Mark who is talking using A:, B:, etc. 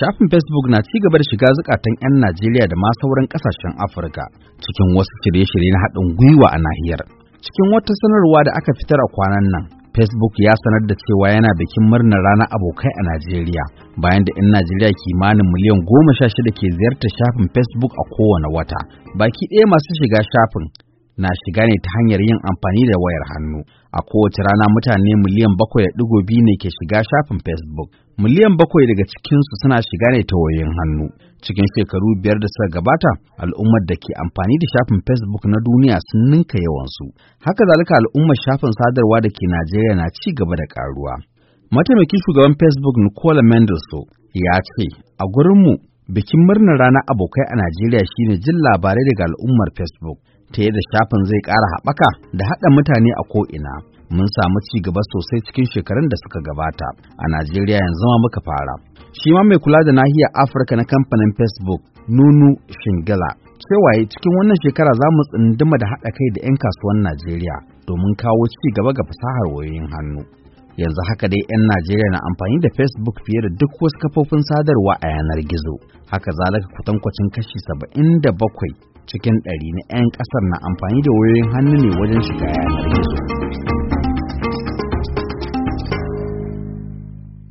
A: shafin facebook na ci gaba da shiga zukatan 'yan najeriya da ma sauran kasashen afirka cikin wasu shirye-shirye na haɗin gwiwa a nahiyar cikin wata sanarwa da aka fitar a kwanan nan facebook ya sanar da cewa yana bikin murnar rana abokai a najeriya bayan da 'yan najeriya kimanin miliyan goma sha shida ke ziyartar shafin facebook a kowane wata baki ɗaya masu shiga shafin na shiga ne ta hanyar yin amfani da wayar hannu. A kowace rana mutane miliyan bakwai da ɗigo biyu ne ke shiga shafin Facebook. Miliyan bakwai daga cikinsu suna shiga ne ta wayoyin hannu. Cikin shekaru biyar da suka gabata, al'ummar da ke amfani da shafin Facebook na duniya sun ninka yawansu. Haka zalika al'ummar shafin sadarwa da ke Najeriya na ci gaba da karuwa. Mataimakin shugaban Facebook Nicola Mendelso ya ce, A gurinmu Bikin murnar ranar abokai a Najeriya shine jin labarai daga al'ummar Facebook ta yadda shafin zai ƙara haɓaka da haɗa mutane a ko'ina. Mun samu ci gaba sosai cikin shekarun da suka gabata. A Najeriya yanzu ma muka fara. Shi ma mai kula da nahiyar Afirka na kamfanin Facebook, Nunu Shingila, cewaye cikin wannan shekara za mu tsinduma da haɗa kai da 'yan kasuwan Najeriya domin kawo ci gaba ga fasahar wayoyin hannu. yanzu haka dai 'yan najeriya na amfani da facebook fiye da duk wasu kafofin sadarwa a yanar gizo haka zalika kutankwacin kashi saba'in da bakwai cikin 100 na 'yan ƙasar na amfani da wayoyin hannu ne wajen shiga yanar gizo